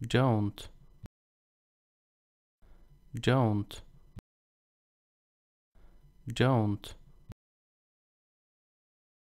don't don't don't